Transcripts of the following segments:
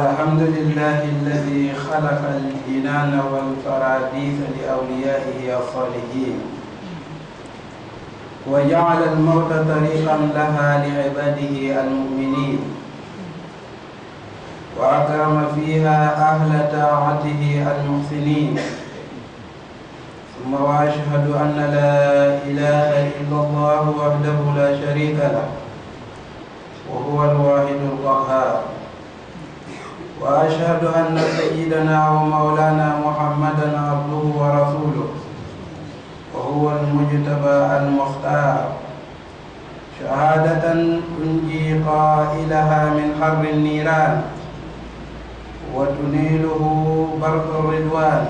الحمد لله الذي خلق الجنان والفراديس لأوليائه الصالحين وجعل الموت طريقا لها لعباده المؤمنين وأكرم فيها أهل طاعته المحسنين ثم وأشهد أن لا إله إلا الله وحده لا شريك له وهو الواحد القهار وأشهد أن سيدنا ومولانا محمدا عبده ورسوله وهو المجتبى المختار شهادة تنجي قائلها من حر النيران وتنيله برق الرضوان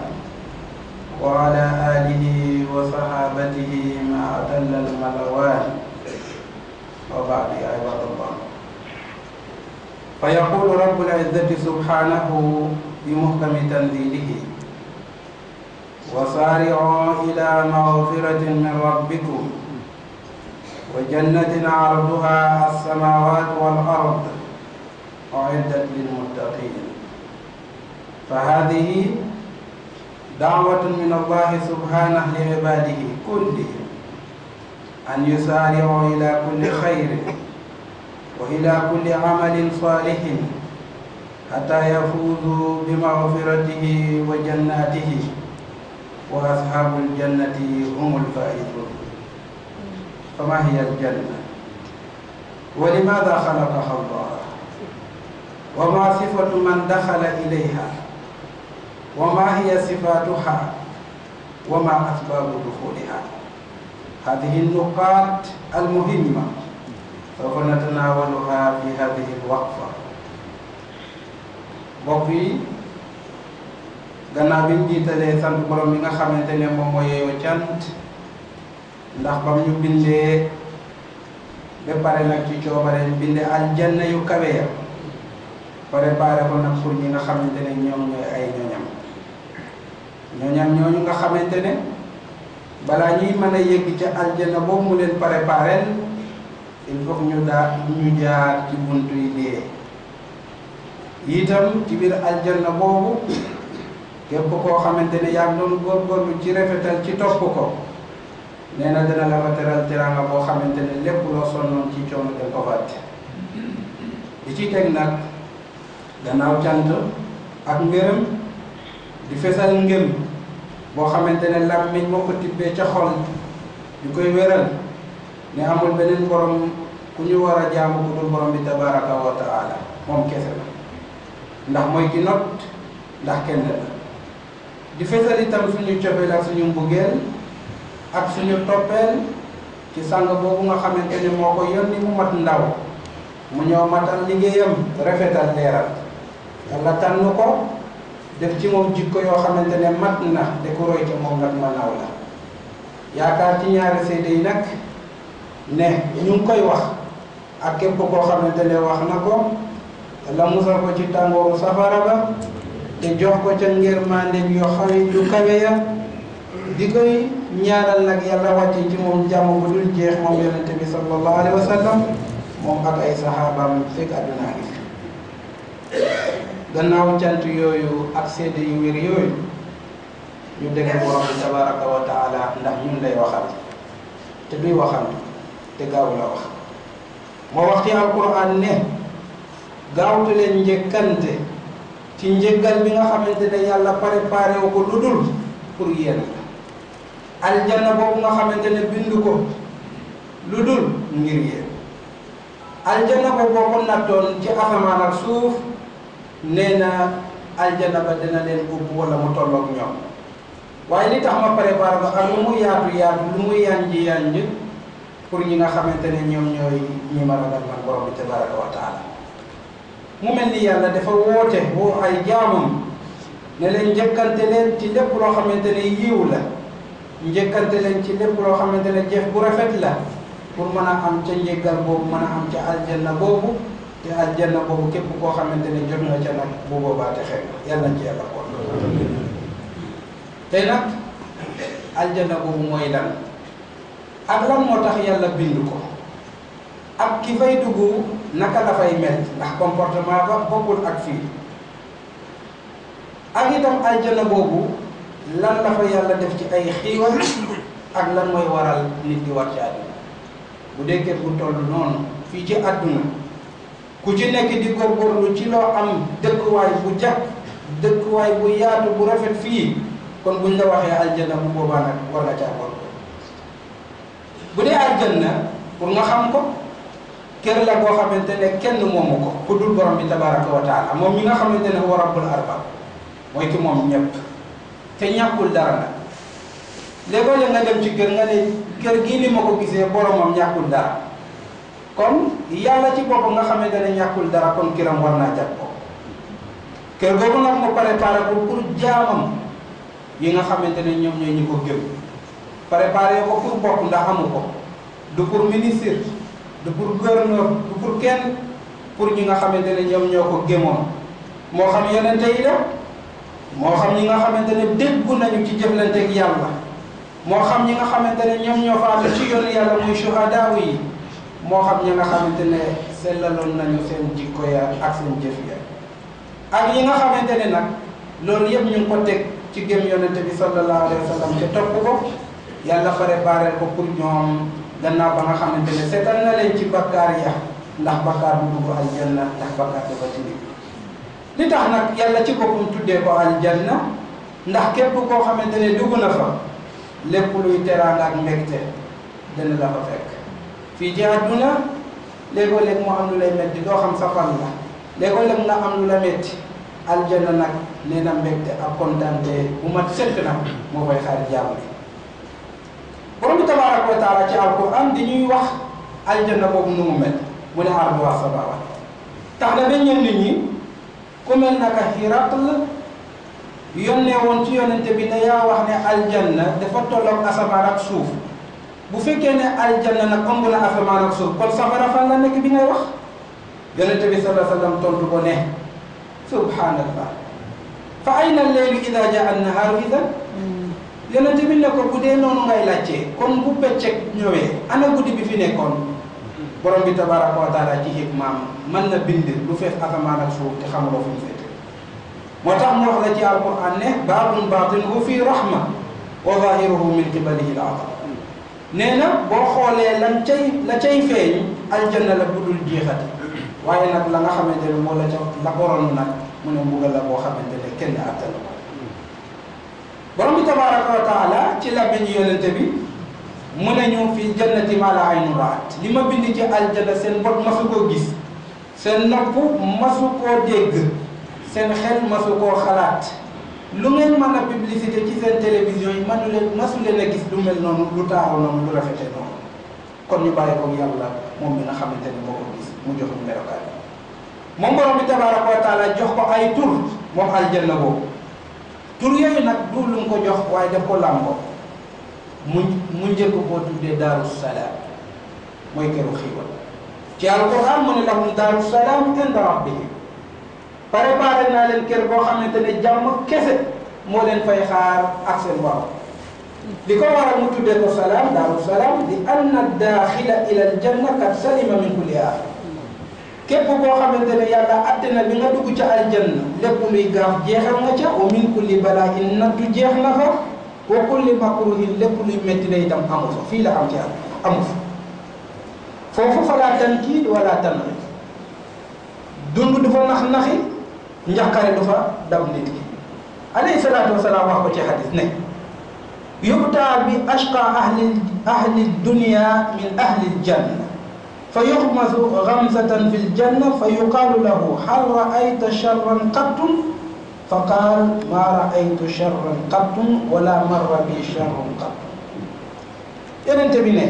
وعلى آله وصحابته ما أتل الملوان وبعد عباد الله فيقول رب العزة سبحانه في محكم تنزيله وسارعوا إلى مغفرة من ربكم وجنة عرضها السماوات والأرض أعدت للمتقين فهذه دعوة من الله سبحانه لعباده كلهم أن يسارعوا إلى كل خير وإلى كل عمل صالح حتى يفوزوا بمغفرته وجناته وأصحاب الجنة هم الفائزون فما هي الجنة ولماذا خلقها الله وما صفة من دخل إليها وما هي صفاتها وما أسباب دخولها هذه النقاط المهمة سوف نتناولها في هذه الوقفة mbokk yi gannaaw bi ñu jiitalee sant borom bi nga xamante ne moom mooy yeeyoo cant ndax bam ñu bindee ba pare nag ci coobareem bindee aljanna yu kawe ya préparé ko nag pour ñi nga xamante ne ñoom ñooy ay ñoñam ñoñam ñooñu nga xamante ne balaa ñuy mën a yëgg ca aljanna boobu mu leen préparé. il faut ñu daa ñu jaar ci buntu yi dee itam ci biir aljanna boobu képp koo xamante ne yaa ngi doon góorgóorlu ci rafetal ci topp ko nee na dina la fa teral boo xamante ne lépp loo sonnoon ci coono da ko fàtte di ci teg nag gannaaw cant ak ngërëm di fesal ngëm boo xamante ne làmmiñ moo ko tibbee ca xol di koy wéral ne amul beneen borom ku ñu war a jaamu ko dul borom bi tabaraka wa taala moom kese la ndax mooy ki not ndax kenn la di fesal itam suñu cofeel ak suñu mbugeel ak suñu toppeel ci sàng boobu nga xamante ne moo ko yónni mu mat ndaw mu ñëw matal liggéeyam rafetal leeral yàlla tànn ko def ci moom jikko yoo xamante ne mat na de ko moom nag ma la yaakaar ci ñaari seede yi ne ñu ngi koy wax ak képp koo xamante ne wax na ko la musal ko ci tàngooru safara ba te jox ko ca ngërmandeem yoo xam ne ju kawe ya di koy ñaanal nag yàlla wàcce ci moom jàmm bu dul jeex moom yonent bi sallallahu alayhi wa moom ak ay saxaabaam fekk àdduna gi gannaaw cant yooyu ak sedd yu wér yooyu ñu dégg borom bi tabaraka wa ndax ñun lay waxal te duy waxal te gaaw la wax moo wax ci alquran ne gaawtu leen njëkkante ci njëggal bi nga xamante ne yàlla préparé wu ko lu dul pour yéen aljanna boobu nga xamante ne bind ko lu dul ngir yéen aljanna ba boo ko nattoon ci asamaan suuf nee na aljanna ba dina leen ubb wala mu tolloog ñoom waaye li tax ma préparé ko ak lu mu yaatu yaatu lu mu yanj yanj pour ñi nga xamante ne ñoom ñooy ñi ma a man borom bi tabaraka wa taala mu mel ni yàlla dafa woote woo ay jaamu ne leen njëkkante leen ci lépp loo xamante ne yiw la njëkkante leen ci lépp loo xamante ne jëf bu rafet la pour mën a am ca njëggal boobu mën a am ca aljanna boobu te aljanna boobu képp koo xamante ne jot nga ca nag bu boobaa te xew yàlla ci yàlla kon nag aljanna boobu mooy lan ak lan moo tax yàlla bind ko ak ki fay dugg naka la fay mel ndax comportement ba bokkul ak fii ak itam aljana boobu lan la yàlla def ci ay xiiwal ak lan mooy waral nit di war ci àdduna bu déggee bu toll noonu fii ci àdduna ku ci nekk di góorgóorlu ci loo am dëkkuwaay bu jàkk dëkkuwaay bu yaatu bu rafet fii kon buñ la waxee aljana bu boobaa nag war nga caa góorgóorlu bu dee aljanna pour nga xam ko kër la boo xamante ne kenn moomu ko ku dul borom bi tabaraka wa taala moom mi nga xamante ne wa rabbul arba mooy ki moom ñëpp te ñàkkul dara nag léegoo nga dem ci kër nga ne kër gii ni ma ko gisee boromam ñàkkul dara kon yàlla ci boppam nga xamante dara kon kiram war naa jàpp ko kër googu nag mu préparé ko pour jaamam yi nga xamante ne ñoom ñooy ko gëm préparé ko pour bopp ndax amu ko du pour ministre du pour gouverneur du pour kenn pour ñi nga xamante ne ñoom ñoo ko gémoon moo xam yonente yi la moo xam ñi nga xamante ne déggu nañu ci jëflanteeg yàlla moo xam ñi nga xamante ne ñoom ñoo faatu ci yoonu yàlla muy suhadaaw yi moo xam ñi nga xamante ne sellaloon nañu seen jikko ya ak seen jëf ya ak yi nga xamante ne nag loolu yëpp ñu ngi ko teg ci gém yonente bi sallallahu alayhi wa sallam te topp ko yàlla préparé ko pour ñoom gannaaw ba nga xamante ne seetal na leen ci bakkaar ya ndax bakkaar bu dugg aljanna ndax bakkaar dafa tilim li tax nag yàlla ci boppam tuddee ko aljanna ndax képp koo xamante ne dugg na fa lépp luy teraanga ak mbégte dana la fa fekk fii ci àdduna léegoo-léeg moo am nu lay metti loo xam sa fan la léegoo-léeg nga am lu la metti aljanna nag nee na mbégte ak kontaante bu ma sëkk na moo koy xaar jaam bi برم تبارك وتعالى جاء القرآن دني وح الجنة بمنومة من عرض وسبوات تحنا بيني نني كم أنك هيرقل يوم نوانتي يوم نتبين يا وحنا الجنة دفتو لك أسبارك شوف بفكر أن الجنة نقوم بنا أسبارك شوف كل سفر فلنا نكبين يا وح يوم نتبين صلى الله عليه وسلم تنتبونه سبحان الله فأين الليل إذا جاء النهار إذا؟ yonente bi ne ko bu dee noonu ngay laajte comme bu bëccëg ñëwee ana guddi bi fi nekkoon borom bi tabaraka wa taala ci hikmaam mën na bind lu fees asamaan ak suuf te xamuloo fu mu féete moo tax mu wax la ci alquran ne baabun baatinuhu fii rahma wa zahiruhu min qibalihi al-azab nee na boo xoolee lan cay la cay feeñ aljanna la budul jeexati waaye nag la nga xamante ne moo la ca la boroon nag mu ne mbugal la boo xamante ne kenn attan borom bi tabaraka wa taala ci làmmiñu yonente bi mu ne ñu fi jannati maa laa aynu raat li ma bind ci aljana seen bot masu koo gis seen nopp masu koo dégg seen xel masu koo xalaat lu ngeen mën a publicité ci seen télévision yi manu leen masu leen a gis lu mel noonu lu taaru noonu lu rafete noonu kon ñu bàyyi ko yàlla moom mi nga xamante ni moo ko gis mu jox ñu melokaan moom borom bi tabaraka wa jox ko ay tur moom aljanna boobu tur yooyu nak du lu ko jox way daf ko lambo mu mu njëkk koo tuddee daaru salaam mooy këru xiiwal ci alquran mu ne lahum daaru salaam inda rabbihim préparé na len ker bo xamante ne jàmm kese moo leen fay xaar ak sen wa li ko waral mu tudde ko salam daaru salam di anna dakhila ila janna qad salima min kulli akhir képp koo xamante ne yàlla atte na bi nga dugg ca aljanna lépp luy gaaf jeexal nga ca wa min kulli balaa in nattu jeex na fa wa kulli makruhin lépp luy métti la itam amu fa fii la am foofu fa laa tankiid wala tanri du fa nax-naxi njaqare du fa dab nit ki alayhi salaatu wasalaam wax ko ci xadis ne yubtaa bi ashqa ahli ahli dunia min ahli janna فيغمز غمزة في الجنة فيقال له هل رأيت شرا قط فقال ما رأيت شرا قط ولا مر بي شر قط yonent bi ne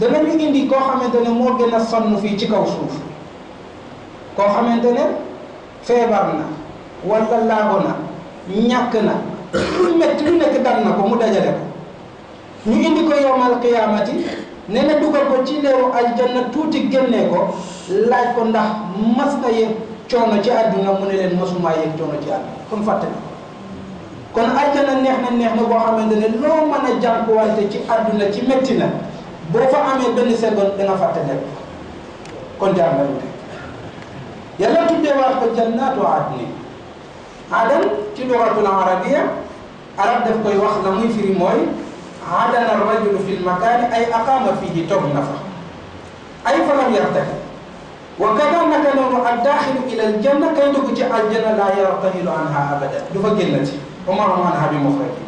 danañu indi koo xamante ne moo gën a sonn fii ci kaw suuf koo xamante ne feebar na wala laago na ñàkk na lu metti lu nekk dal na ko mu dajale ko ñu indi ko yowmal qiyaamati nee na dugal ko ci leeru aljanna tuuti génnee ko laaj ko ndax mas na yëg coono ci àdduna mu ne leen masumaa yëg coono ci àdduna kon fàttali kon aljanna neex na neex na boo xamante ne loo mën a jànkuwante ci àdduna ci métti na boo fa amee benn seconde kon jaar nga lu yàlla ko jannaatu adni adan ci lugatul arab daf koy wax la muy firi adana rajulu fi lmakani ay aqama fihi toog na fa ay fa lam yartaki wa kadanaka noonu addaxilu ila aljanna kay dugg ci aljanna laa yartahilu anha abadan du fa génnati wa ma hum anha bi muxrajin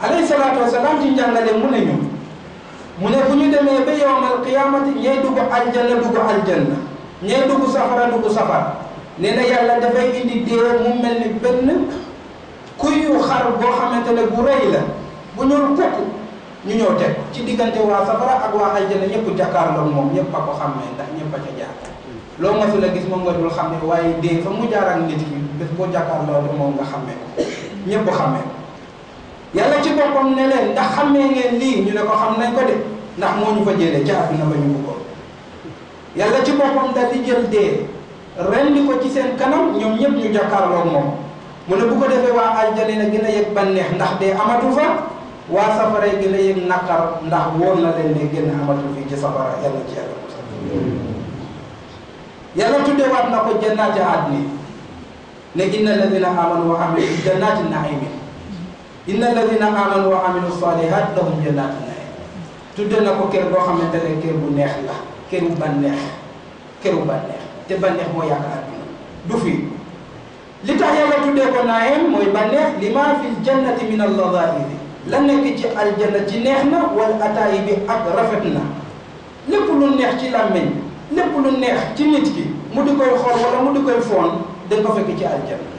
alayhi salaatu wasalaam ci njàngale mu ne ñu mu ne bu ñu demee ba yowmal qiyamati ñee dugg aljanna dugg aljanna ñee dugg safara dugg safara nee na yàlla dafay indi dee mu mel ni benn kuyu xar boo xamante ne bu rëy la bu ñu kukk ñu ñëw tek ci digante wa safara ak wa aljana ñepp jakar moom mom ñepp ko xamé ndax ñepp ca jaar samu nga fi la gis moom nga dul xàmme waye de fa mu jaar ak nit yi bés boo jàkkaarloo moom nga xàmmee ko xamé xàmmee ko yàlla ci bopam ne leen ndax xamé ngeen li ñu ne ko xam nañ ko de ndax moo ñu fa jëlee ca àdduna na bañu ko yalla ci bopam da di jël de rendi ko ci seen kanam ñom ñepp ñu jàkkaarloog mom mu ne bu ko defé waa aljana gën a yëg ndax de amatu fa wa safara gi la nakar ndax won na len ya ya ni genn amatu fi ci safara yalla ci yalla yàlla tuddewaat na ko jannaati adni ne inna alladina amanu wa amilu jannatin na'im inna alladina amanu wa amilu salihat lahum jannatin naim tudde nako ker go xamantene ker bu neex la banex ker bu banex te banex mo yàq du fi li tax yalla tudde ko naim moy banex li maa fi ljannati min alladhairi la nekk ci aljanna ci neex na wala ataay bi ak rafet na lépp lu neex ci làmmiñ lépp lu neex ci nit ki mu di koy xool wala mu di koy foon dañ ko fekk ci aljanna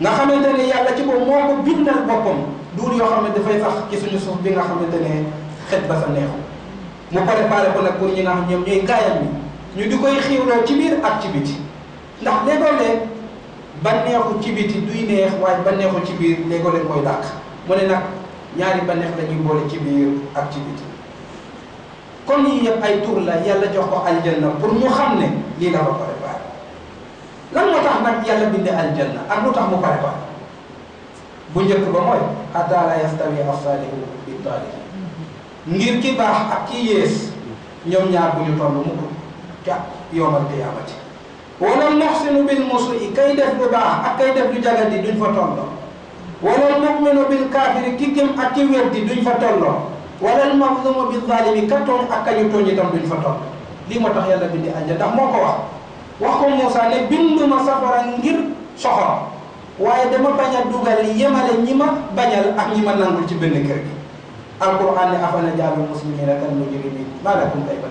nga xamante ne yàlla ci ko moo ko bindal boppam duur yoo xam ne dafay sax ci suñu suuf bi nga xamante ne xet ba sa neexu mu préparé ko nag pour ñi nga xam ñoom ñooy gaayam bi ñu di koy xiiwloo ci biir ak ci biti ndax léegoo-leeg ba neexu ci biti duy neex waaye ba neexu ci biir léegoo-leeg koy dàq mu ne nag ñaari banex lañuy boole ci biir ak ci biti kon yi yëpp ay tour la yàlla jox ko aljanna pour ñu xam ne lii la ko préparé lan moo tax nag yàlla binde aljanna ak lu tax mu préparé bu njëkk ba mooy xata la yastawi asalihu bi taalihi ngir ki baax ak ki yees ñoom ñaar bu ñu toll mu ko ca yoomal qiyaamati wala muxsinu bil musii kay def bu baax ak kay def lu jagal di duñ fa tolloo wala mu'minu bil kafiri kikim ak ki duñ fa tollo wala al mazlum bil zalimi katon ak ñu toñi tam duñ fa tollo li tax yalla bindi anja tax moko wax wax ko musa ne ma safara ngir soxor waye dama baña dugal yemale ñima bañal ak ñima nangul ci benn kër gi qur'an ni afana jaalu muslimina kan mujrimin malakum kayfa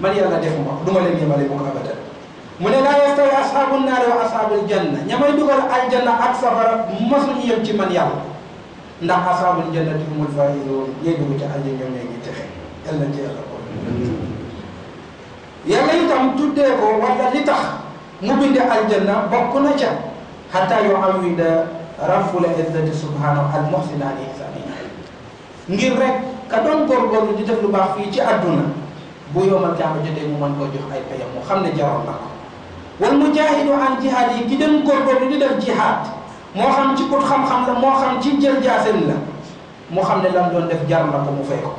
man yalla defuma duma len yemale bu ko abadan mune la laa yastawi ashabun nar wa ashabul janna ñamay duggal al janna ak safara masul yem ci man yalla ndax ashabul janna tumul faa'izuun ñay dugg ci al janna ñoo ngi texe yàlla ci yalla ko yàlla itam tuddee ko wala li tax mu al janna bokku na ca hatta yoo am raful izzati subhanahu al muhsin al ihsani ngir rek ka gor di def lu bax fi ci aduna bu yomal jote mu man ko jox ay payam mu xamne jaroon والمجاهد عن جهاد يقدم قربه لدى الجهاد موخم تي كوت خم خم لا موخم تي جيل جاسم لا موخم لام دون ديف جار لا كو مفيكو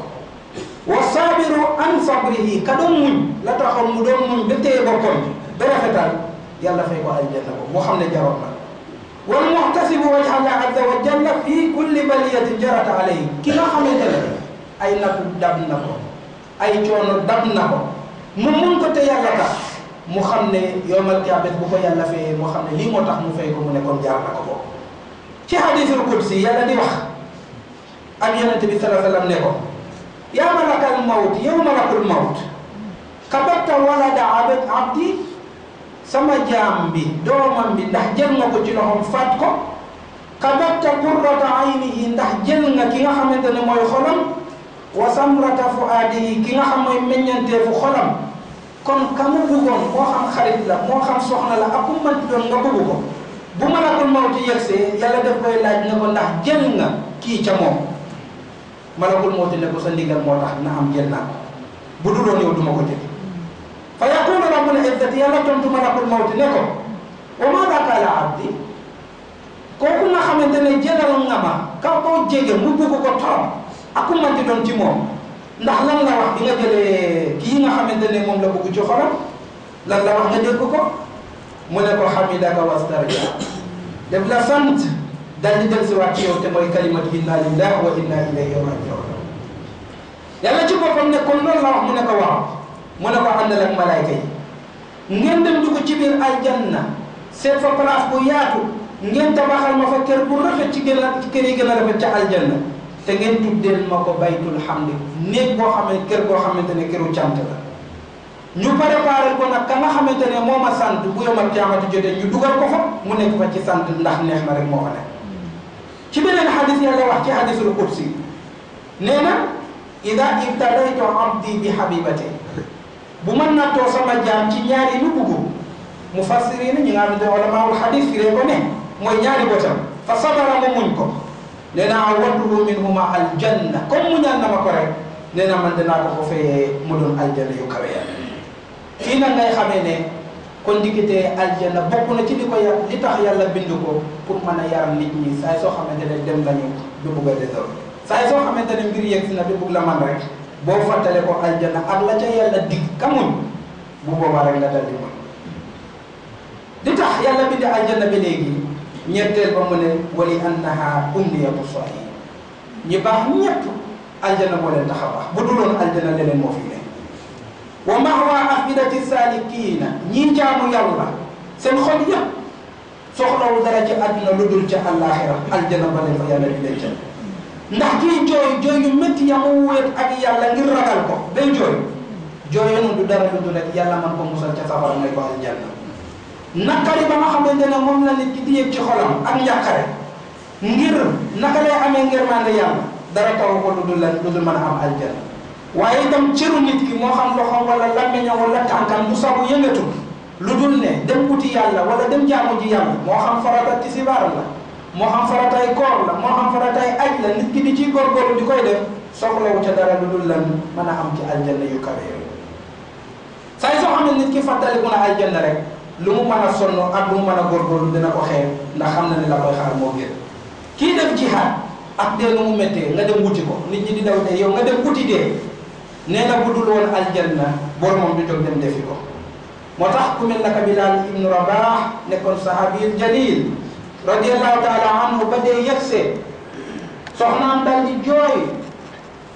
والصابر عن صبره كدوم مون لا تخول مو دوم مون بتي بوكم دا رافتال يالا فاي كو الجنه موخم لا جارو لا والمحتسب وجه الله عز وجل في كل بليه جرت عليه كي خم تي اي نك دابنا كو اي تيونو دابنا كو مو مون تي يالا تا mu xam ne yowmal kiyaamet bu ko yàlla fayee mu xam ne lii moo tax mu fay ko mu ne kon jaar na ko ko ci hadithul qudsi yàlla di wax ak yonente bi sala sallam ne ko yaa malakal maut yow malakul maut kabatta walada abad abdi sama jaam bi doomam bi ndax jël nga ko ci loxom fat ko kabatta qurrata aynihi ndax jël nga ki nga xamante ne mooy xolam wa samrata fuadihi ki nga xam mooy meññanteefu xolam kon ka mu bëggoon moo xam xarit la moo xam soxna la ak ku mu mënti doon nga bëgg ko bu malakul mawti yegsee yàlla daf koy laaj ne ko ndax jël nga kii ca moom malakul mawti ne ko sa ndigal moo tax na am jël naa ko bu dul woon yow du ma ko jël fa yaqulu a izzati yàlla tontu malakul mawti ne ko wa maa qaala abdi kooku nga xamante ne jëlal nga ma ka koo jege mu bëgg ko torop ak ku mënti doon ci moom ndax lan la wax bi nga jëlee kii nga xamante ne moom la bëgg ci xolam lan la wax nga dégg ko mu ne ko xamidaka wastarja def la sant daal di del si waat ci yow te mooy kalimat inna lillahi wa inna ilayhi rajiun yàlla ci boppam ne kon loolu la wax mu ne ko waaw mu ne ko àndal ak malaayka yi ngeen dem dugg ci biir aljanna seet fa place bu yaatu ngeen tabaxal ma fa kër bu ci gën a ci kër yi gën a rafet ca aljanna te ngeen tuddeel ma ko baytul hamdi néeg boo xam ne kër boo xamante ne këru cant la ñu préparé ko nag ka nga xamante ne moom ma sant bu ma jaamati jotee ñu dugal ko fa mu nekk fa ci sant ndax neex na rek moo fa nekk ci beneen xadis yàlla wax ci xadisul si nee na ida ibtalaytu abdi bi habibati bu mën na too sama jaam ci ñaari lu buggu mu fassiri ni ñi nga xam ne olamaawul xadis firee ko ne mooy ñaari botam fa sabara mu muñ ko nee naa wadlubu minhuma aljanna comme mu ñaan na ma ko rek nee na man dinaa ko fa fayee mu doon aljanna yu kawe ya fii nag ngay xamee ne kon diggante aljanna bokk na ci li ko yàlla li tax yàlla bind ko pour man a yaram nit ñi saa soo xamante ne dem nañu du bugg a désordre soo xamante ne mbir yegg si na du bugg la man rek boo fàttale ko aljanna ak la ca yàlla dig kamuñ bu boobaa rek nga dal di li tax yàlla bind aljanna bi léegi ñetteel ba mu ne wali annaha umniyatu saalihin ñi baax ñépp aljana moo leen tax a baax bu duloon aljana leneen moo fi ne wa mahwa afidati saalikiina ñii jaamu yàlla seen xol yépp soxlawu dara ci àdduna lu dul ca àllaaxira aljana ba leen fa yàlla di leen jël ndax kii jooy jooy yu métti ya mu wéet ak yàlla ngir ragal ko day jooy jooy noonu du dara lu dul yàlla man ko musal ca safara may ko aljanna naqari ba nga xamante ne moom la nit ki di yëg ci xolam ak njàqare ngir naka lay amee ngërmande yàlla dara taw ko lu dul lan lu dul mën a am aljana waaye itam cëru nit ki moo xam loxo wala làmmiñam wala tànkam lu dul ne dem uti yàlla wala dem jaamu ji yàlla moo xam farata ci moo xam faratay la moo xam faratay la nit ki di ciy di koy def soxlawu ca dara lu dul mën a am ci aljanna yu kawe yooyu saa yi soo xam ne nit ki fàttaliku na aljanna rek lu mu mën a sonn ak lu mu mën a góorgóorlu dina ko xeex na ne la koy xaar moo kii dem jihaad ak dee lu mu méttee nga dem wuti ko nit ñi di yow nga dem wuti dee nee na bu dul woon aljanna bor moom du jóg dem defi ko moo tax ku mel naka Bilaal ibnu Rabaax nekkoon sahaabiyul jalil radiyallahu taala anhu ba dee yegsee soxnaam dal di jooy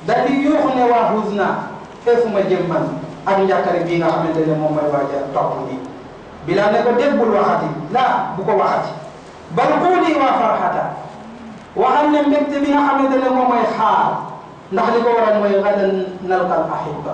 dal di yuux ne waa huzna fee fu ma jëm man ak njàkkare bii nga xamante ne moom mooy waaja topp nii بلا نكو دبل وحدي لا بكو وحدي بل قولي وفرحتا وهل لم يكتبها حمد لهم وما يخاف نحن قولا ويغدا نلقى الأحبة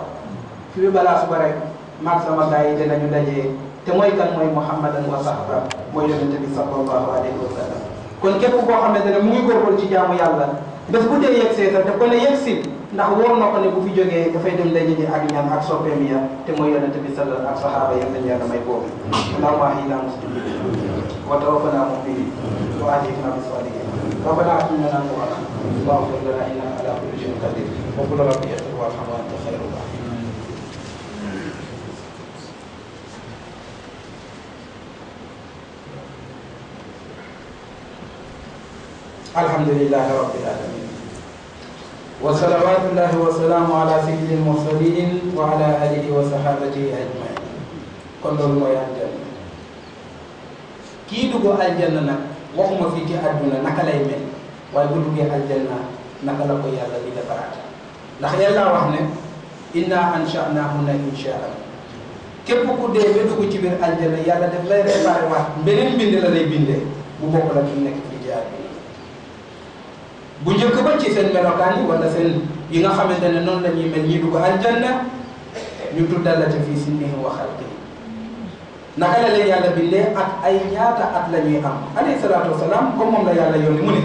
في بلا سبرك ما سمى داي جنا يدجي تموي كان موي محمد وصحبه موي النبي صلى الله عليه وسلم كون كيف بو حمد لهم مي غورول سي جامو يالا بس بودي يكسي تا كون يكسي ndax woon na ko ne bu fi jógee dafay dem daje ji ak ñaan ak soppeem ya te mooy yonent bi sallal ak saxaaba yi nañ yàlla may boobu allahumma ahyina muslimin wa mu fi wa na bi na salihin ربنا wa لنا وعلا واغفر لنا انك على كل شيء قدير وقل ربي اغفر وارحم وانت خير الراحمين الحمد لله رب العالمين وصلوات الله وسلامه على سيد المرسلين وعلى آله وصحابته أجمعين kon loolu mooy aljanna kii dugg aljanna nag waxuma fii ci àdduna naka lay mel waaye bu duggee aljanna naka la ko yàlla di defaraat ndax yàlla wax ne inna anshanahunna inshaa képp ku dee ba dugg ci biir aljanna yàlla def lay réparé waat beneen bind la lay bindee bu bokk la fi nekk bu ñëk ba ci seen melokaan yi wala seen yi nga xamantene ne noonu la ñuy mel ñi dugg aljanna ñu tuddal la ci fii si nii waxal bi naka la leen yàlla bindee ak ay ñaata at la ñuy am alayhi salaatu wasalaam comme moom la yàlla yónni mu ne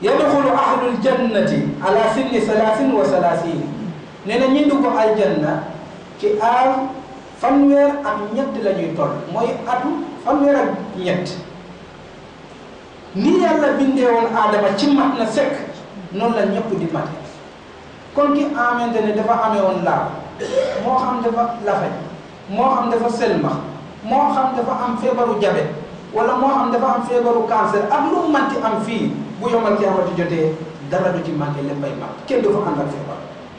yadxulu ahlu aljannati ala sinni salaasin wa salaasin nee na ñi dugg aljanna ci aar fanweer ak ñett la ñuy toll mooy atu fanweer ak ñett ni yàlla bindee woon aadama ci mat na sekk noon la ñëpp di mate kon ki amante ne dafa amee woon laaw moo xam dafa lafañ moo xam dafa selmax moo xam dafa am feebaru jabet wala moo xam dafa am feebaru cancer ak lu manti am fii bu yomal kiyaamati jotee dara du ci manqué léppay mat kenn du fa ànd ak feebar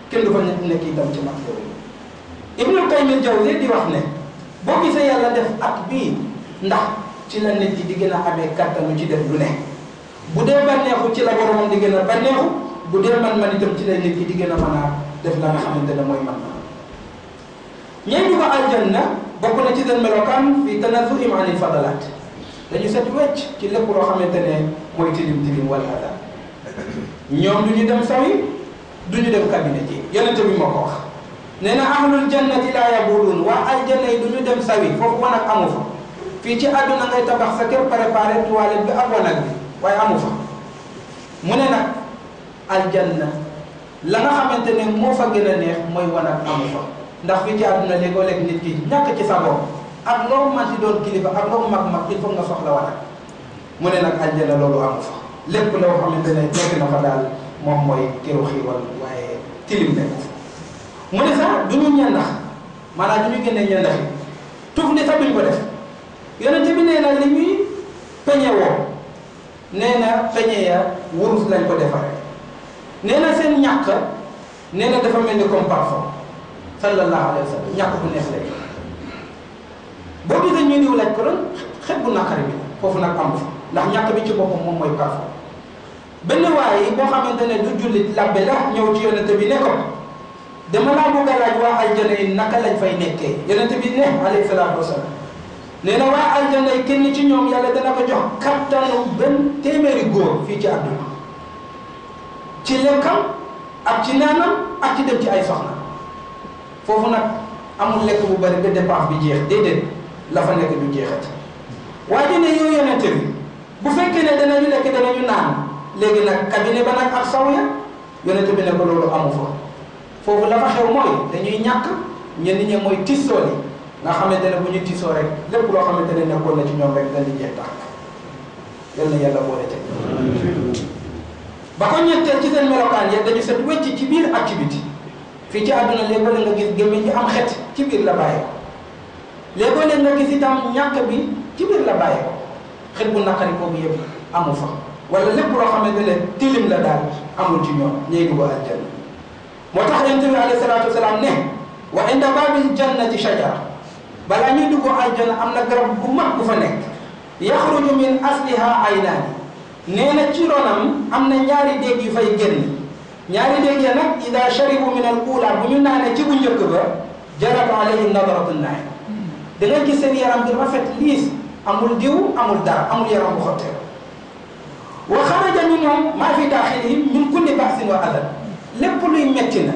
kenn du fa nekk itam ci mat yooyu Ibnu Qayyim al-Jawziyya di wax ne boo gisee yàlla def at bii ndax ci la nit ki di gën a amee kattanu ci def lu ne bu dee bànneexu ci la boromam di gën a bànneexu bu dee man man itam ci la nit ki di gën a mën a def la nga xamante ne mooy man man a ñu ko aljanna bokk na ci seen melokaan fii tanazuhim anil fadalaat dañu set wecc ci lépp loo xamante ne mooy tilim tilim wala dara ñoom du ñu dem sawi du ñu dem cabinet ji yonent bi moo ko wax nee na ahlul jannati laa yabuluun waa aljanna yi du ñu dem sawi foofu wan ak amu fi ci aduna ngay tabax sa kër préparé toilette bi ak wanag bi waaye amu fa mu ne nag aljanna la nga xamante ne moo fa gën a neex mooy wanag amu fa ndax fi ci aduna léegoo-léeg nit ki ñàkk ci sa bopp ak loo man di doon kilifa ak loo mag-mag il faut nga soxla wanag mu ne nag aljanna loolu amu fa lépp loo xamante ne nekk na fa daal moom mooy këru xiiwal waaye tilim nekk mu ne sax du ñu ñandax maanaam du ñu yi tuuf ni sax duñ ko def yonent bi nee na li muy peñe woo nee na peñe ya wurus lañ ko defar nee na seen ñàkk nee na dafa mel ni comme parfum sallallahu alayhi wa sallam ñàkk bu neex lay boo gisee ñu niw lañ ko doon xet bu naqari bi foofu nag fi ndax ñàkk bi ci boppam moom mooy parfum benn waaye boo xamante ne du jullit labbe la ñëw ci yonent bi ne ko dama laa bëgg a laaj waa aljana yi naka lañ fay nekkee yonent bi ne alayhi salaatu wasalaam nee na waa aljanna yi kenn ci ñoom yàlla dana ko jox kattanu benn téeméeri góor fii ci àdduna ci lekkam ak ci naanam ak ci dem ci ay soxna foofu nag amul lekk bu bari ba dépense bi jeex déedéet la fa nekk du jeexat waaye dina yow yonente bi bu fekkee ne danañu lekk danañu naan léegi nag cabinet ba nag ak saw ya yonente bi ne ko loolu amu fa foofu la fa xew mooy dañuy ñàkk ñenn ñi mooy tissool yi nga xamante ne bu ñu tisoo rek lépp loo xamante ne nekkoon na ci ñoom rek dañ di jeex tàkk yal na yàlla boole teg ba ko ñetteel ci seen melokaan ya dañu set wecc ci biir ak ci biti fii ci àdduna léegoo leen nga gis gémmiñ gi am xet ci biir la bàyyi ko léegoo leen nga gis itam ñàkk bi ci biir la bàyyi xet bu naqari boobu yëpp amu fa wala lépp loo xamante ne tilim la daal amul ci ñoom ñay dugg aljanna moo tax alayhi salaatu wasalaam ne wa inda baabil jannati shajara بلا ني دوغو الجنة امنا غرام بو ماك بو يخرج من اصلها عينان نينا تي رونام امنا نياري ديك يو فاي ген نياري ديك نك اذا شربوا من الاولى بو ني نانا تي بو نيوك با جرت عليه نظره النعيم دا نك سين يرام دي رافيت ليس امول ديو امول دار امول يرام خوتير وخرج منهم ما في داخلهم من كل بحث وأذى لب لي متنا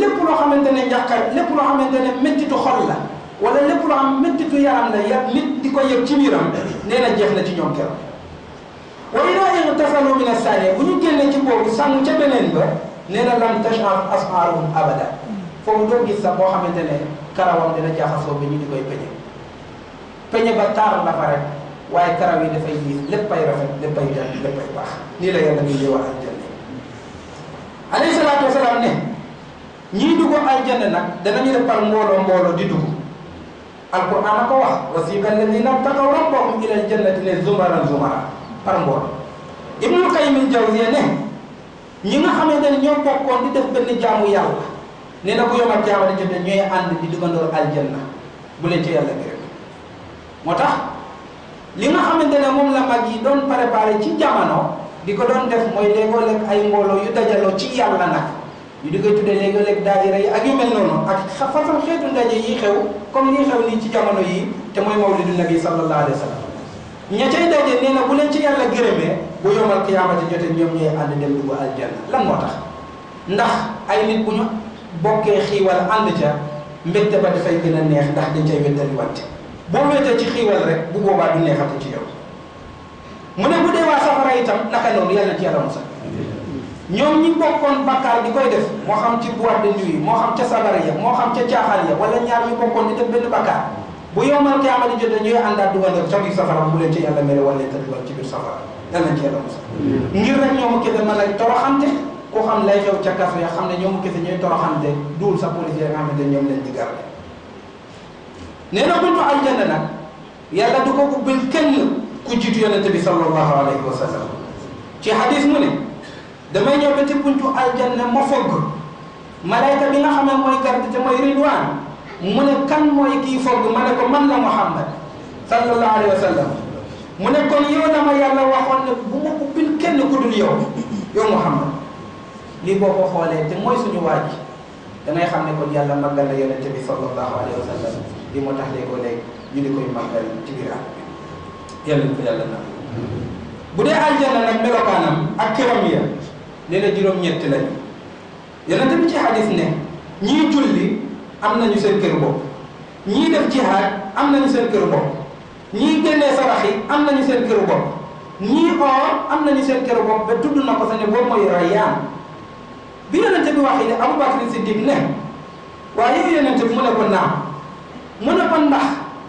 لب لو خمنتنا جاكر لب لو خمنتنا متي تخلى wala lépp lu am méttitu yaram la ya nit di ko yëg ci biiram nee na jeex na ci ñoom keroog wa idaa ightasalu min as-saaniya bu ñu génnee ci boobu sàmm ca beneen ba nee na lam tash'ar as'aaruhum abada foofu doo gis sax boo xamante ne karawam dina jaxasoo ba ñu di koy peñe peñe ba taar la fa rek waaye karaw yi dafay yiis léppay rafet léppay dem léppay baax nii la yàlla ñu ngi war a aljanna alayhi salaatu wa salaam ne ñii dugg aljanna nag danañu def par mbooloo mbooloo di dugg alquran a ko wax wasiqa alladina taqaw rabbahum ila aljannati ne zumaran zumara par mbool ibnul qayyim al jawziya ne ñi nga xamante ne ñoo bokkoon di def benn jaamu yàlla nee na bu yomal jaamale jotee ñooy ànd di dugandoor aljanna bu leen ci yàlla gërëm moo tax li nga xamante ne moom la mag yi doon préparé ci jamono di ko doon def mooy léegoo lekk ay mbooloo yu dajaloo ci yàlla nag yu di koy tuddee léeg-léeg daayira yi ak yu mel noonu ak façon xeetu ndaje yi xew comme li xew nii ci jamono yii te mooy mawlidu nabi sallallahu alayhi wa sallam ña cay daje nee na bu leen ci yàlla gërëmee bu yomal kiyaamati jote ñoom ñooy ànd dem dugg aljanna lan moo tax ndax ay nit bu ñu bokkee xiiwal ànd ca mbégte ba dafay gën a neex ndax dañ cay wéttali wante boo wéetee ci xiiwal rek bu boobaa du neexati ci yow mu ne bu dee waa safara itam naka noonu yàlla ci yàlla musal ñom ñi bokkon bakkar di koy def mo xam ci boîte de nuit mo xam ci sabar ya mo xam ci tiaxal ya wala ñaar ñu bokkon di def benn bakkar bu yowmal qiyaama di jotee ñooy àndaat du wala ci safara bu leen ci yalla mel wala ta dugal ci biir safara dana ci yalla musa ngir nak ñom ke mën a toroxante ko xam lay xew ci kaf ya xam ne ñoom kese ñoy toroxante dul sa policier nga xamante ñom leen di garde neena na buntu aljanna nag yàlla du ko ubbil kenn ku jiitu yonente bi sallallahu alayhi wasallam ci hadith mu ne damay ñëw ba ci buntu aljanna ma fogg malayka bi nga xam ne mooy garde te mooy ridwaan mu ne kan mooy kii fogg ma ne ko man la muhammad sallallahu alayhi wa sallam mu ne kon yow dama yàlla waxoon ne bu ma ubbil kenn ku dul yow yow muhammad lii boo ko xoolee te mooy suñu waaj dangay xam ne kon yàlla màggal na yonente bi sallallahu wa sallam li moo tax léegoo léeg ñu di koy màggal ci biir at bi yàlla ñu ko yàlla na bu dee aljanna nag melokaanam ak kiram ya nee na juróom-ñett lañu yonente bi ci xadis ne ñii julli am nañu seen kër bopp ñii def jihaad am nañu seen kër bopp ñii génnee sarax yi am nañu seen kër bopp ñii oor am nañu seen kër bopp ba tudd na ko sa ne boobu mooy rayyaan bi yonente bi waxee ne Abu Bakr Siddiq ne waaye yow yonente bi mu ne ko naam mu ne ko ndax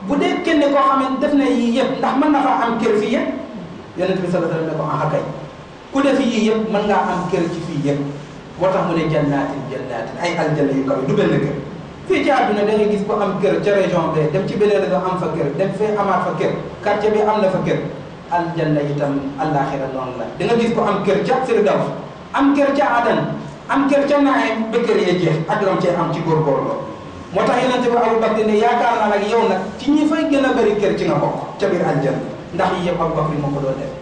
bu dee kenn koo xam ne def na yii yëpp ndax mën na faa am kër fii yëpp yonente bi sallallahu alayhi wa sallam ne ko ah kay ku def yi yeb man nga am kër ci fi yeb moo mu ne jannaatin jannaatin ay al yu kaw du ben kër fi ci aduna da nga gis ko am kër ci région bi dem ci beneen région am fa kër dem fee amat fa kër quartier bi am na fa kër aljanna itam akhirah non la da nga gis ko am kër ca Firdaws am kër ci Adan am kër ci naay be kër ye ya jeex ak lam am ci gor lo motax yonente bi Abu Bakr ne yaakaar naa nag yow nak ci ñi fay gëna bari bëri kër ci nga bokk bir al aljanna ndax yi yëpp Abu Bakr moo ko def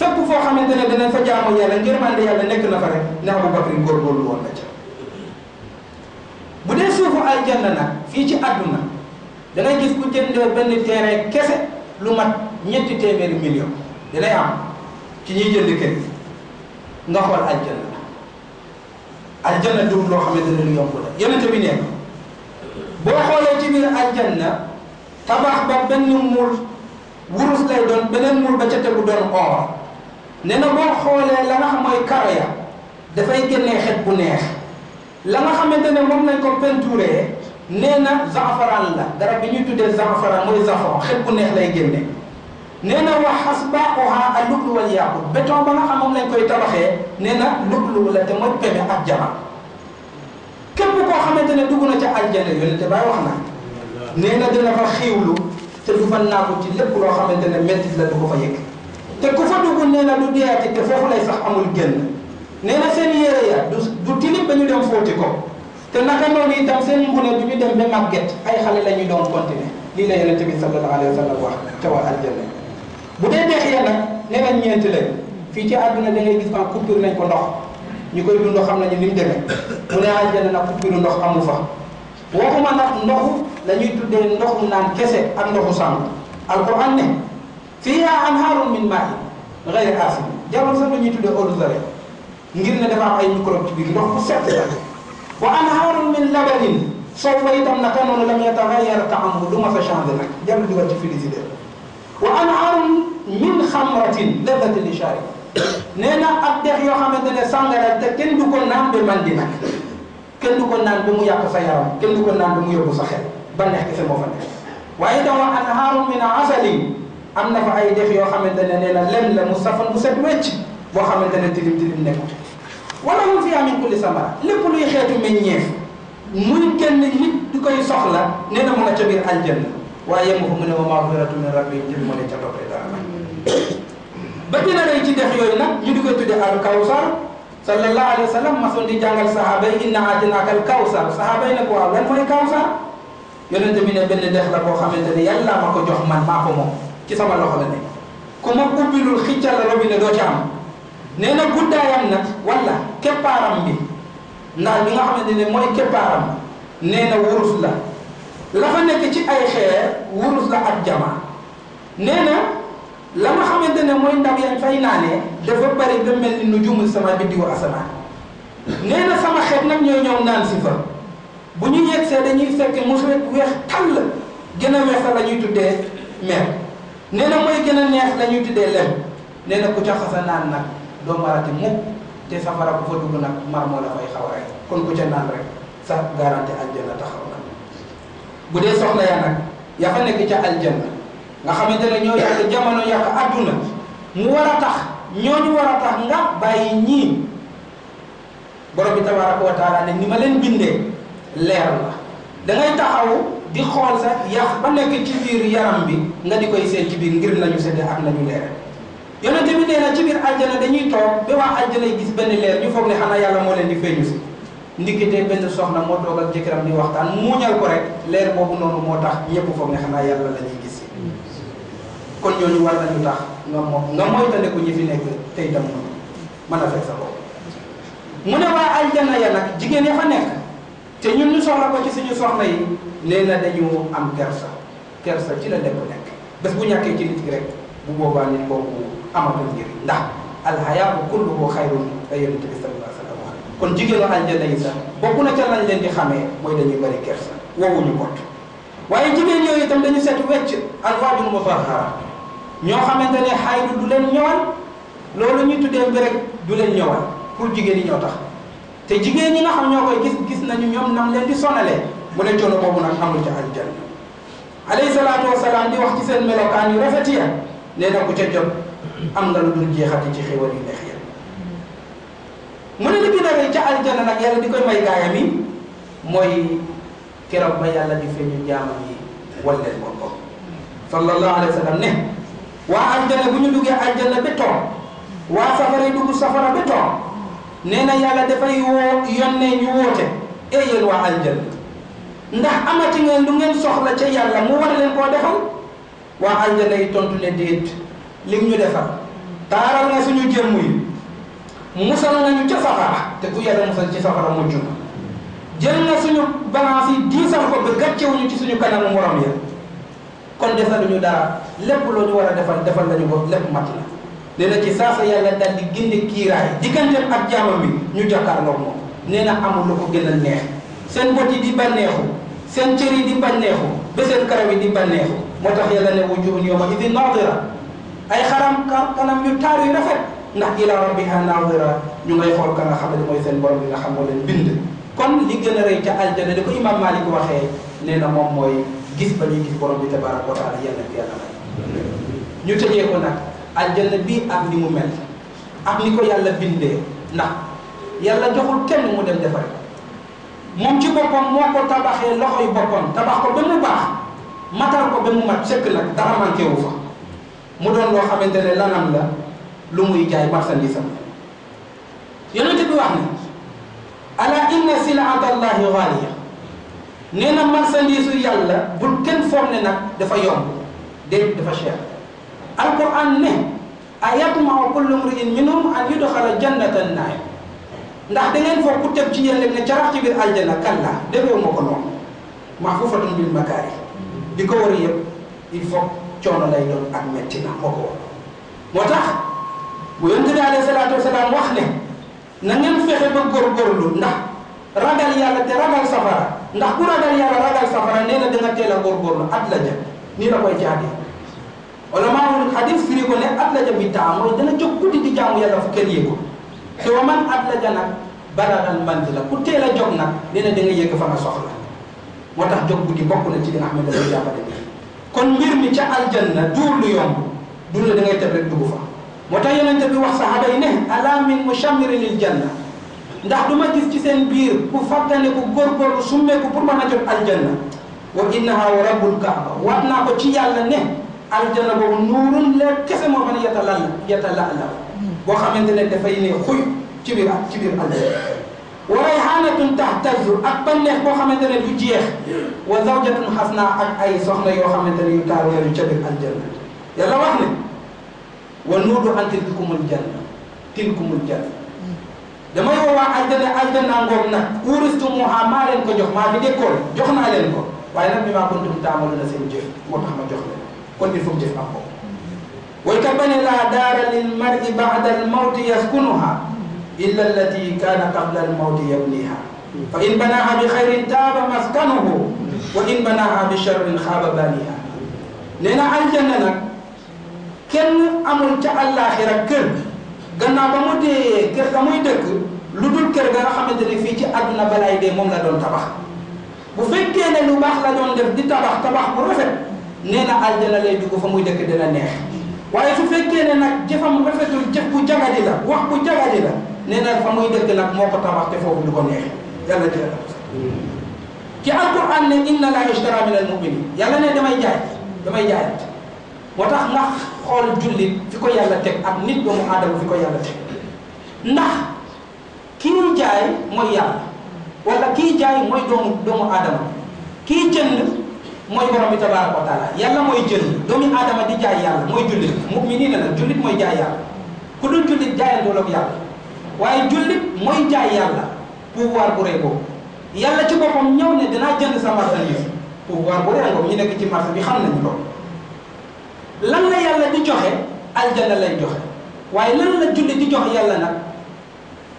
fepp foo xamante ne danañ fa jaamu yàlla ngërmande yàlla nekk na fa rek ne Abu Bakri góorgóorlu woon na ca bu dee suufu aljanna nag fii ci àdduna dangay gis ku jëndee benn terrain kese lu mat ñetti téeméeri million danay am ci ñuy jënd kër nga xool aljanna aljanna duur loo xamante ne lu yomb la yonente bi ne boo xoolee ci biir aljanna tabax ba benn muul wurus lay doon beneen muul ba ca tegu doon or nee na boo xoolee la nga xam mooy karo ya dafay génnee xet bu neex la nga xamante ne moom lañ ko peinturé nee na zafaraan la garab bi ñuy tuddee zafaraan mooy zafon xet bu neex lay génne nee na wa xasbaaquha al lublu wal yaqut béton ba nga xam moom lañ koy tabaxee nee na lublu la te mooy peme ak jama képp koo xamante ne dugg na ca aljana yonente baay wax na nee na dina fa xiiwlu te du fa naagu ci lépp loo xamante ne mettit la du ko fa yëg te ku fa dugg nee na du deeati te foofu lay sax amul génn nee na seen yére ya du du tilim ba dem fóoti ko te nag naka noonu itam seen mbune du ñu dem ba màgget ay xale la ñuy doon continuer lii la yonente bi sallallahu alayhi wa sallam wax ca waa aljanna bu dee deex ya nag nee ñeenti lañ fii ci àdduna da ngay gis en coupure nañ ko ndox ñu koy ndox xam nañu ni mu demee mu ne aljanna nag coupure ndox amu fa waxuma nag ndoxu la ñuy tuddee ndoxu naan kese ak ndoxu sàmm alquran ne fiha anharun min maa'in ghayri asin jarul sax dañuy tuddee eau de javel ngir ne dafa am ay microbe ci biir ndox bu set la wa anharun min labanin soow ba itam naka noonu lam yataghayyar ta'amuhu du ma sa changé nag jarul dugal ci frigidaire wa anharun min xamratin ladatin li shaari nee na ak dex yoo xamante ne sàngara te kenn du ko naan ba man di nag kenn du ko naan ba mu yàq sa yaram kenn du ko naan ba mu yóbbu sa xel ba neex kese moo fa nekk waaye itam wa anharun min asalin am na fa ay dex yoo xamante ne nee na lem la mu safan bu set wécc boo xamante ne tilim tilim nekku ci wala hum fiha min kulli samara lépp luy xeetu meññeef muy kenn nit di koy soxla nee na mu nga ca biir aljanna waaye yemu fa mu ne wa magfiratu min rabbihim jël mu ne ca toppee dara ba dina rëy ci dex yooyu nag ñu di koy tudde al kawsar sallallahu alayhi wa sallam masoon di jàngal sahaaba yi inna aatinaaka al kawsar sahaaba yi ne ko waaw lan mooy kawsar yonente bi ne benn dex la boo xamante ne yàlla ma ko jox man maa ko moom كسبا لغلني كما قبل الخيال ربي ندوشام نينا قد يمنا ولا كبارم بي نا نيغا خمنا نينا موي كبارم نينا ورث لا لا فا نيك تي اي خير ورث لا اك جما نينا لا ما خمنا نينا موي ندام يان فاينالي دا فا بري دا ملني نجوم السما بيدي واسما نينا سما خيت نك نيو نيو نان سيفا بو ني ييكسي دا ني فك مخرك ويخ تال جنا ميخ لا ني تودي مير nee na mooy gën a neex la ñuy lem nee na ku ca xasa naan nag doo marati mukk te safara ku fa dugg nag mar moo la fay xaw kon ku ca naan rek sa garanti aljanna taxaw na bu dee soxna ya nag ya fa nekk ca aljanna nga xamante ne ñoo yàq jamono yàq adduna mu war a tax ñooñu war a tax nga bàyyi ñii borom bi tabaraka wa taala ne ni ma leen bindee leer la dangay taxawu di xool sax yax ba nekk ci fiir yaram bi nga di koy seet ci biir ngir nañu sedde ak nañu leere yonente bi nee na ci biir àjjana dañuy toog ba waa gis benn leer ñu foog ne xanaa yàlla moo leen di feeñu si ndikkite benn soxna moo toog ak jëkkëram di waxtaan muuñal ko rek leer boobu noonu moo tax ñëpp foog ne xanaa yàlla la ñuy gis kon ñooñu war nañu tax nga moo nga moytandiku ñi fi nekk tey dem na mën a fekk sa bopp ya nag jigéen ya fa nekk te ñun ñu soxla ko ci suñu soxna yi léeg la dañu am kersa kersa ci la lépp nekk bés bu ñàkkee ci nit ki rek bu boobaa nit kooku amatul njëriñ ndax alxayaatu kulluhu xayrun la yonente bi sallallahu alayhi wa sallam wax kon jigéenu aljana yi sax bokk na ca lañ leen di xamee mooy dañuy bëri kersa wowuñu bott waaye jigéen yooyu itam dañu set wecc alwaajul mutahhara ñoo xamante ne xaydu du leen ñëwal loolu ñuy tuddee bi rek du leen ñëwal pour jigéen yi ñoo tax te jigéen ñi nga xam ñoo koy gis gis nañu ñoom nam leen di sonalee mu ne coono boobu nag amul ca aljanna alayhi salaatu wasalaam di wax ci seen melokaan yu rafet ya nee na ku ca jot am nga lu dul jeexati ci xéwal yu neex ya mu ne li gën a rëy ca aljanna nag yàlla di koy may gaayam yi mooy keroog ba yàlla di feeñu jaamam yi wal leen boppam sallallahu alayhi wa sallam ne waa aljanna bu ñu duggee aljanna ba toog waa safara yi dugg safara ba toog nee na yàlla dafay woo yónnee ñu woote ee yéen waa aljanna ndax amati ngeen lu ngeen soxla ca yàlla mu war leen koo defal waa aljana yi tontu ne déet lim ñu defal taaral nga suñu jëmm yi musal nañu ca safara te ku yàlla musal ci safara mucc jël nga suñu balance yi diisal ko ba gàccewuñu ci suñu kanamu morom ya kon defaluñu dara lépp lo ñu war a defal defal nañu ko lépp mat na dina ci saasa ya yàlla dal di génne kiiraay digganteem ak jaamam bi ñu jàkkaarloo moom nee na amul lu ko gën a neex seen bot yi di kan bànneexu سنتري دي بانيهو بسن كرامي دي بانيهو موتاخ يالا لي وجوه يوم اذ ناظرا اي خرام كان كانم يو تاري رافت نخ الى ربها ناظرا ني ماي خول كان خامل موي سن بروم لي خامو لين بيند كون لي گنا ري تا الجنه ديكو امام مالك واخي نينا موم موي گيس با لي گيس بروم بي تبارك وتعالى يالا بي يالا ني تيجي كو نك الجنه بي اك ني مو مل اك نيكو يالا بيندي نخ يالا جوخول كين مو دم ديفاريكو moom ci boppam moo ko tabaxee loxo yu boppam tabax ko ba mu baax matal ko ba mu mat sëkk nag dara manqué wu fa mu doon loo xamante ne lanam la lu muy jaay marchandise am yonente bi wax ne ala inna silaatallahi xaaliya nee na marchandise yu yàlla bul kenn foog ne nag dafa yomb déet dafa cher alquran ne ayatmau kullu mriin minhum an yudxala jannatan naayim ndax da ngeen foog ku teg ci yéen leen ne carax ci biir aljana kalla defewu ma ko noonu maa fufatun bil makaari di ko war a yëpp il faut coono lay doon ak metti na moo ko war moo tax bu yonent bi alayhi salaatu wasalaam wax ne na ngeen fexe ba góorgóorlu ndax ragal yàlla te ragal safara ndax ku ragal yàlla ragal safara nee na da nga teel at la jëm nii la koy jaadee wala maa ngi xadis firi ko ne at la jëm bi taa mooy dana jóg guddi di jaamu yàlla fu kenn yëgul te wa man ablaga nag balagal manzila ku teel a jóg nag nee na da nga yëgg iya fa nga soxla motax jog bu di bokku na ci ahmed nga xam kon mbir mi ca aljanna dur lu yom dur la da ngay teb rek dugg fa motax tax iya yonente bi wax sahaba yi ne ala min mushammir lil janna ndax duma gis ci sen bir ku fatane ku góorgóorlu ku pour mën a aljanna wa innaha wa rabbul ka'ba watna ko ci yalla ne aljanna boobu nuurun leer kese moo mën a وخامنتني دافاي ني خوي تي بير تي بير الله وريحانه تهتز اكبنه بو خامنتني دو جيخ وزوجه حسناء اي سخنا يو خامنتني كارو يلو تي بير الجنه يلا واخني ونود ان تلكم الجنه تلكم الجنه دما يوا اجدنا اجدنا غورنا ورست محمدن كو ما في ديكول جوخنا لين كو واي كنتم تعملون سين جيخ موتاخ ما جوخ لين ويكبل لا دار للمرء بعد الموت يسكنها إلا التي كان قبل الموت يبنيها فإن بناها بخير تاب مسكنه وإن بناها بشر خاب بانيها لنا الجنة نك كن أمول تألاخرة كر غنا بمودي كر كموي دك لودول كر غا خامتني في تي ادنا بلاي دي موم لا دون تباخ bu fekkee ne lu baax la doon def di tabax tabax bu rafet nee na aljana lay dugg fa muy waaye su fekkee ne nag jëfam rafetul jëf bu jagadi la wax bu jagadi la nee na fa muy dëkk nag moo ko tabax te foofu du ko neexee yàlla di la hmm. ci alquran ne inna laa ishtara min al muminin yàlla ne damay jaay damay jaay moo tax ndax xool jullit fi ko yàlla teg ak nit doomu aadama fi ko yàlla teg ndax kii jaay mooy yàlla wala kii jaay mooy doomu doomu aadama kii jënd moy borom bi tabaraka taala yalla moy jël doomi adama di jaay yalla moy julit mu'mini la julit moy jaay yalla ku do julit jullit do lok yalla waye julit moy jaay yalla pouvoir bu rebo yalla ci bopam ñew ne dina jënd sa marchandise pouvoir bu rebo ñi nek ci marché bi xam nañu loolu lan la yalla di joxe aljanna lay joxe waye lan la julit di joxe yalla nak yàlla nag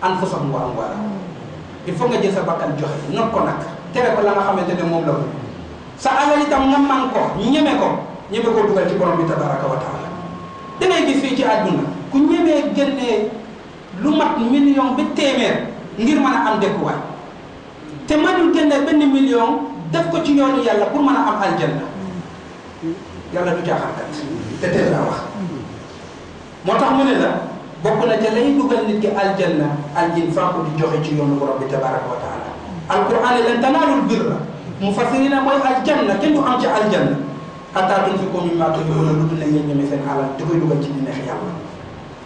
anfusahum wa amwaalahum il faut nga jël sa bakkan joxe not ko nag tere ko la nga xamante mom la sa alal itam nga man ko ñeme ko ñeme ko dugal ci borom bi tabaraka wa taala da ngay gis fi ci aduna ku ñeme génnee lu mat million bi téeméer ngir mën a am dëkkuwaay te mënul génne ben million def ko ci ñoonu yalla pour mëna am aljanna yalla du jaxal kat té té la wax motax mu ne la bokku na ci lay dugal nit ki aljanna al infaqu di joxe ci yoonu borom bi tabaraka wa taala alquran lan tanaalul birra mu mufassirina mooy aljanna kenn du am ci aljanna xataa duñ fi ko mimmaa tuhibbuuna lu dul ne ngeen ñeme seen alal di koy dugal ci di neex yàlla.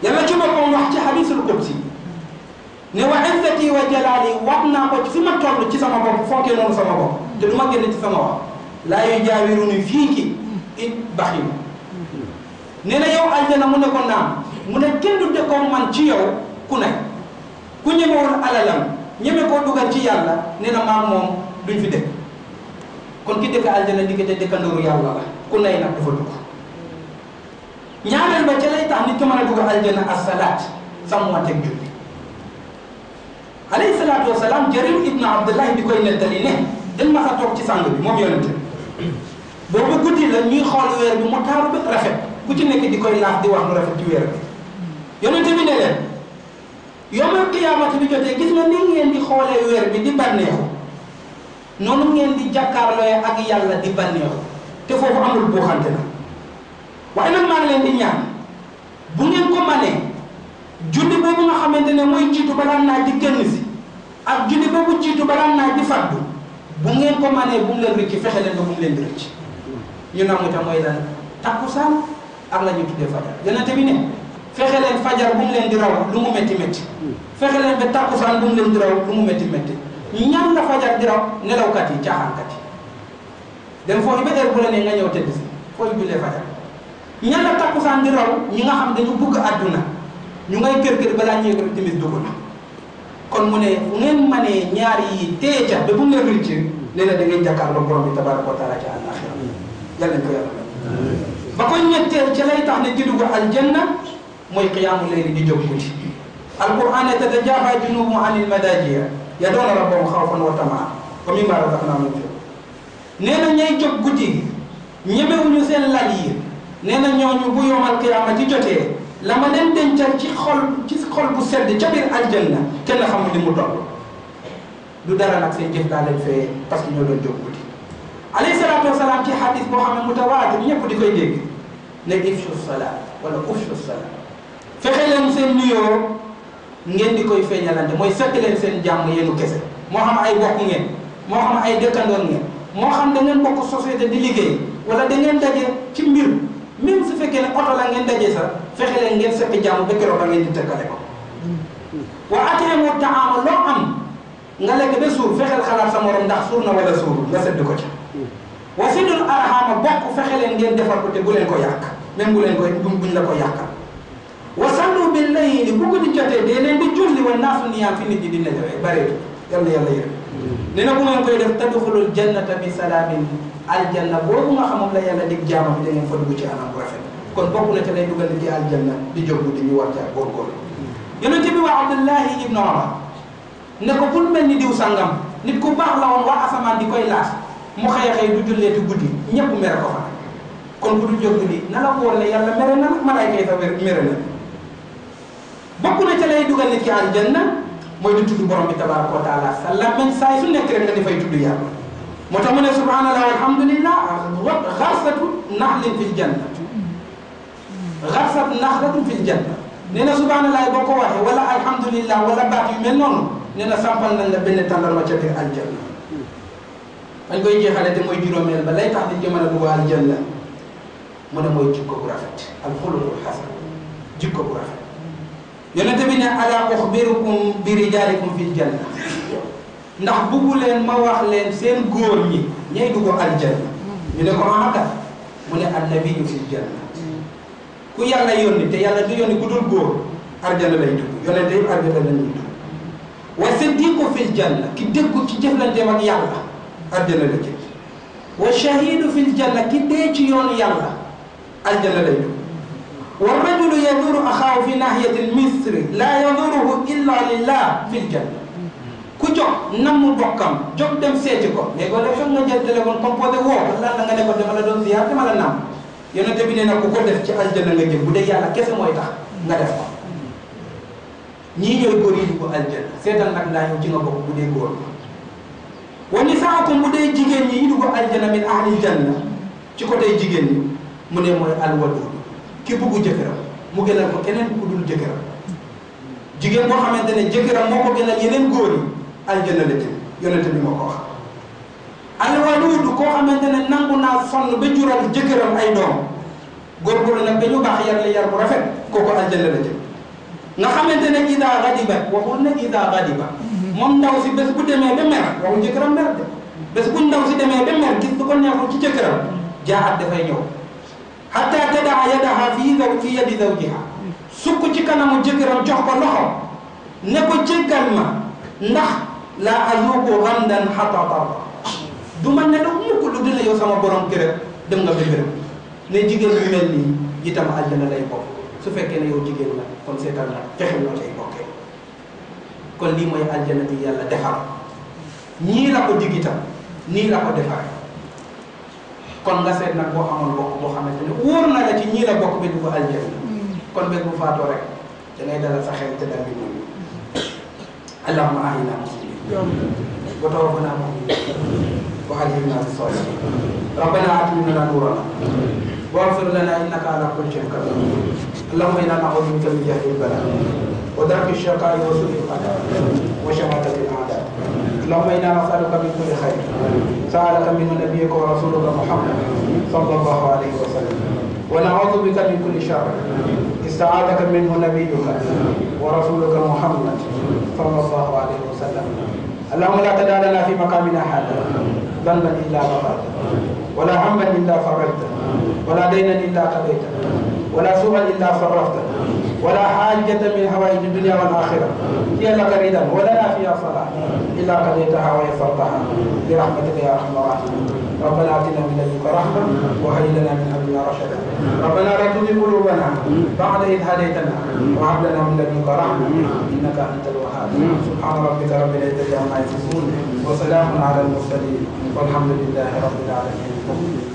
yàlla ci boppam wax ci hadiisul qudsi ne wa izzati wa jalaali wax naa ko si ma toll ci sama bopp fonkee noonu sama bopp te du ma génn ci sama wax laa yujaawiruni fii ki it baxil ne na yow aljana mu ne ko naam mu ne kenn du dëkkoo man ci yow ku ne ku ñemewul alalam ñeme koo dugal ci yàlla nee na maam moom duñ fi dëkk. kon ki dëkk aljana diggante dëkkandooru yàlla la ku nay nag dafa dugg ñaareel ba ca lay tax nit ki mën a dugg aljana assalaat sàmmanteeg julli alayhi salaatu wasalaam jarir ibnu abdullahi di koy nettali ne dañ ma sa toog ci sàng bi moom yonente boobu guddi la ñuy xool weer bi mu taaru ba rafet ku ci nekk di koy laaj di wax lu rafet ci weer bi yonente bi ne leen yowmal qiyaamati bi jotee gis nga ni ngeen di xoolee weer bi di bànneexu non ngeen di jakarlo ak yalla di bànneexu te fofu amul buuxante na waaye nag maa ngi di ñaan bu ngeen ko mané jundi bobu nga xamantene moy jitu jiitu balaa di kenn ci ak julli boobu jiitu balaa na di faddu bu ngeen ko mané bu ngeen rëcc leen bu ngeen di rëcc ñu namu ta moy lan takusan ak lañu tuddé fajar yonente bi ne fexe leen fajar bu ngeen di raw lu mu metti metti leen be takusan bu ngeen di raw lu mu metti metti ñam na fajar diraw nelaw kat yi jaxan kat yi dem fo ibe der bu nga ñew tëdd fo foofu fajar ñan la takkusaan di raw ñi nga xam dañu bëgg aduna ñu ngay kër kër bala ñëw kër timis dugul kon mu ne ngeen mané ñaar yi teja ca ba bu ngeen rëcc ne la da ngeen lo borom bi tabaraku taala ci àllaxira yalla ko yalla ba ko ñette ci lay tax ne ci al janna moy qiyamul leyli di jóg guddi alquran tatajafa junubu anil madajiya يدون ربهم خوفا وطمعا ومما رزقناهم ينفقون نينا ني جوك غوتي نيبيو ني سين لاليير نينا نيو ني بو يوم القيامه تي جوتي لما نين دنجا تي خول تي خول بو سيد تي بير الجنه كين خام لي مو دو دو دارا نك سين جيف دال في باسكو نيو دون جوك غوتي عليه الصلاه والسلام تي حديث محمد متواتر نيب دي كاي ديغ نك افشو الصلاه ولا افشو الصلاه فخيل نسين نيو ngeen di koy feeñalante mooy fekk leen seen jàmm yeenu kese moo xam ay bokk ngeen moo xam ay dëkkandoon ngeen moo xam da ngeen bokk société di liggéey wala da ngeen daje ci mbir même su fekkee ne oto la ngeen daje sax fexe leen ngeen sekk jàmm ba keroog ba ngeen di tëkkale ko wa atemu taama loo am nga lekk ba suur fexeel xalaat sa morom ndax suur na wala suur nga sedd ko ca wa sidul arhama bokk fexe leen ngeen defar ko te bu leen ko yàq même bu leen ko buñ la ko yàqal billahi ku ko di jotté de len di julli wal nas ni ya di dina jowe bare yalla yalla yere neena bu ngeen koy def tadkhulul salamin al janna bo ma xamum la yalla dig jaama bi dañu fa dug ci anam bu rafet kon bokku na ci lay dugal ci al janna di jobbu di ñu war ci gor gor yalla ci bi wa abdullah ibn umar ne ko bu wa asaman di koy laas mu xey xey du kon bu du jobbu ni nala ko war la yalla mere bokk na ca lay dugal nit ki aljanna mooy di tudd borom bi tabaraka wa taala sa làmmiñ saa su nekk rek nga dafay tudd yàlla moo tax mu ne subhanallah walhamdulillah wat xarsatu naxlin fil janna xarsat naxlatun fil janna nee na subhanallah boo ko waxee wala alhamdulillah wala baat yu mel noonu nee na sampal nañ la benn tàndarma ca biir aljanna dañ koy jeexale te mooy juróomeel ba lay tax nit ki mën a dugg aljanna mu ne mooy jikko bu rafet alxuluqul xasan jikko bu rafet يونتبنا على أخبركم برجالكم في الجنة نحبو لين ما واخ لين سين غور ني ني دوغو الجنة ني نكو ما هكا من النبي في الجنة كو يالا يوني تي يالا دو يوني كودول غور الجنة لاي دوغ يونتي الجنة لاي دوغ وصديق في الجنة كي ديغو تي جيفلانتي ماك يالا الجنة لاي دوغ وشهيد في الجنة كي ديتي يون يالا الجنة لاي دوغ والرجل يدور أخاه في laa yaduruhu illa lillah fil janna ku jóg nam mu bokkam jóg dem seeti ko léegoo def foog nga jël téléphone composé woo ko lan la nga ne ko dama la doon ziar dama la naam yonente bi nee na ku ko def ci aljana nga jëm bu dee yàlla kese mooy tax nga def ko ñii ñooy góor yi dugg aljana seetal nag ndaa yow ci nga bokk bu dee góor wa nisaakum bu dee jigéen ñi dugg aljana min ahlil janna ci côté jigéen ñi mu ne mooy alwadud ki buggu jëkkëram mu gënal ko keneen ku dul jëkkëram jigéen koo xamante ne jëkkëram moo ko a yeneen góor yi aljana la jëm yonente bi moo ko wax alwaluudu koo xamante ne nangu naa sonn ba jural jëkkëram ay doom góorgóorlu nag dañu baax yar la yar bu rafet kooku aljana la jëm nga xamante ne ida gadiba waxoon na ida gadiba moom ndaw si bés bu demee ba mer waxu jëkkëram mer de bés bu ndaw si demee ba mer gis du ko ci jëkkëram jaaxaat dafay ñëw xatta tadaa yadaha fi yadi zawjiha Suku ci kanamu jëkkëram jox ko loxo ne ko jéggal ma ndax la ayuuku ghamdan xatata du ma ne daf mukk lu dina yow sama borom kere dem nga bëgg ne jigéen bu mel nii itam aljana lay bokk su fekkee ne yow jigéen la kon seetal na fexe noo cay bokke kon lii mooy aljana bi yàlla defar ñii la ko dig itam la ko defaree kon nga seet nag boo amoon bokk boo xamante ne wóor na la ci ñii la bokk bi du ko aljana كل بيت مفاتو رك rek dangay dalal sa xel اللهم أهينا مسلمين muñ allahumma ahina muslimin ربنا tawaffana نورنا واغفر لنا انك على كل شيء قدير اللهم انا نعوذ بك من جهل البلاء ودرك الشقاء وسوء القدر وشهاده الاعداء اللهم انا نسالك من كل خير سالك منه نبيك ورسولك محمد صلى الله عليه وسلم ونعوذ بك من كل شر استعاذك منه نبيك ورسولك محمد صلى الله عليه وسلم اللهم لا تدع لنا في مقامنا حدا ذنبا إلا غفرته ولا هما إلا فرجته ولا دينا إلا قضيته ولا سوءا إلا صرفته ولا حاجة من حوائج الدنيا والآخرة هي لك ولا ولنا فيها صلاة إلا قضيتها ويسرتها برحمتك يا أرحم الراحمين ربنا اعطنا من لدنك رحمة وهب لنا من أمرنا رشدا ربنا لا تزغ قلوبنا بعد إذ هديتنا وهب لنا من لدنك رحمة إنك أنت الوهاب سبحان ربك رب العزة عما يصفون وسلام على المرسلين والحمد لله رب العالمين